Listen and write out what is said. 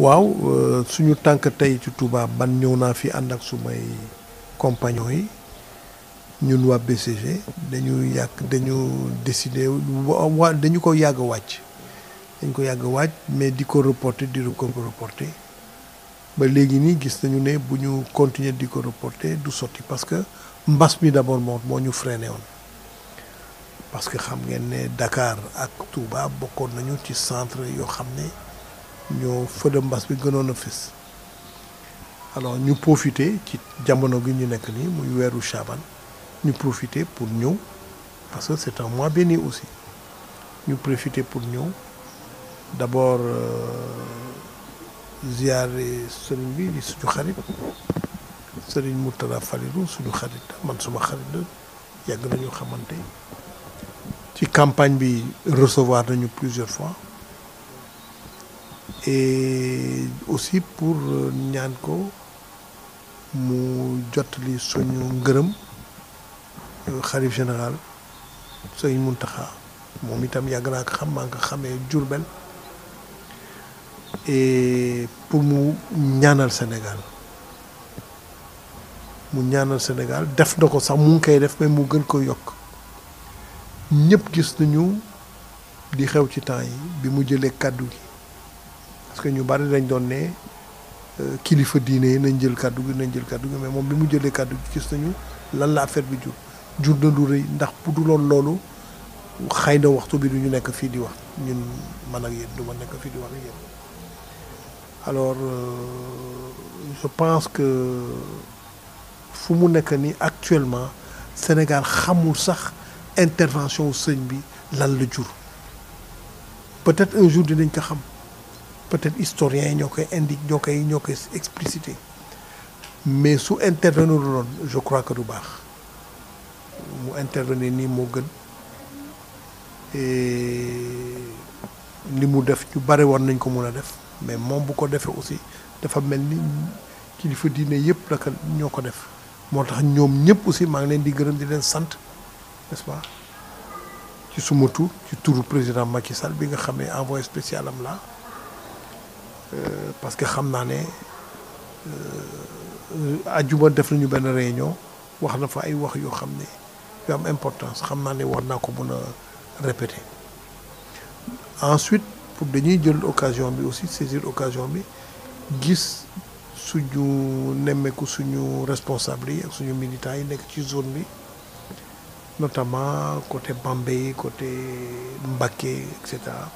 waaw euh, suñu tànk tey ci Touba ban ñëw naa fi ànd ak sumay compagnons yi ñun waa BCG dañu yàgg dañu décider wa dañu ko yàgg wàcc dañ ko yàgg wàcc mais di ko reporter di ko reporter ba léegi nii gis nañu ne bu ñu continuer di ko reporter du sotti parce que mbas mi d'abord moom moo ñu freiné woon parce que xam ngeen ne dakaar ak Touba bokkoon nañu ci centre yoo xam ne ñoo fëdda mbas bi gënoon a fës alors ñu profiter ci jamono gi ñu nekk nii muy weeru chaban ñu profiter pour ñëw parce que c'est un mois béni aussi ñu profiter pour ñëw d'abord euh, ziare sëriñ bi di suñu xarit sëriñ Mourtada Falilou suñu xarit man suma xarit la yàgg nañu xamante ci campagne bi recevoir nañu plusieurs fois aussi pour euh, ñaan ko mu jottali suñu ngërëm euh, xalif général sëñ Muntaxa moom itam yàgg naa ko xam maa nga xamee Jurbel pour mu ñaanal Sénégal mu ñaanal Sénégal def na ko sax mu ngi koy def mais mu gën ko yokk ñëpp gis nañu di xew ci temps yi bi mu jëlee kàddu gi parce ñu bari dañ doon ne euh, kilifa diine yi nañ jël kàddu gi nañ jël kàddu gi mais moom bi mu jëlee kàddu gi gis nañu lan la affaire bi jur jur na lu rëy ndax bu du loon loolu xëy na waxtu bi du ñu nekk fii di wax ñun man ak yéen du ma nekk fii di wax ak yéen alors euh, je pense que fu mu nekk nii actuellement Sénégal xamul sax intervention sëñ bi lan la jur peut-être un jour dinañ ko xam. peut-être historiens yi ñoo koy indique ñoo koy ñoo koy explicité mais su intervenir loon je crois que du baax mu intervenir nii moo gën li mu def ñu bare war nañ ko mun a def mais moom bu ko defee aussi dafa mel ni kilifa diine yëpp la ko ñoo ko def moo tax ñoom ñëpp aussi maa ngi leen di gërëm di leen sant n'est-ce ci suma tur ci turu président Macky Sall bi nga xam ne envoyé spécial am la Euh, parce que xam naa ne àjjuma euh, def nañu benn réunion wax na fa ay wax yoo xam ne yu am importance xam naa ne war naa ko mën a répéter ensuite pour dañuy jël occasion bi aussi saisir occasion bi gis suñu nemmeeku suñu responsable yi ak suñu militants yi nekk ci zone bi notamment côté Bambey côté Mbacké et cetera.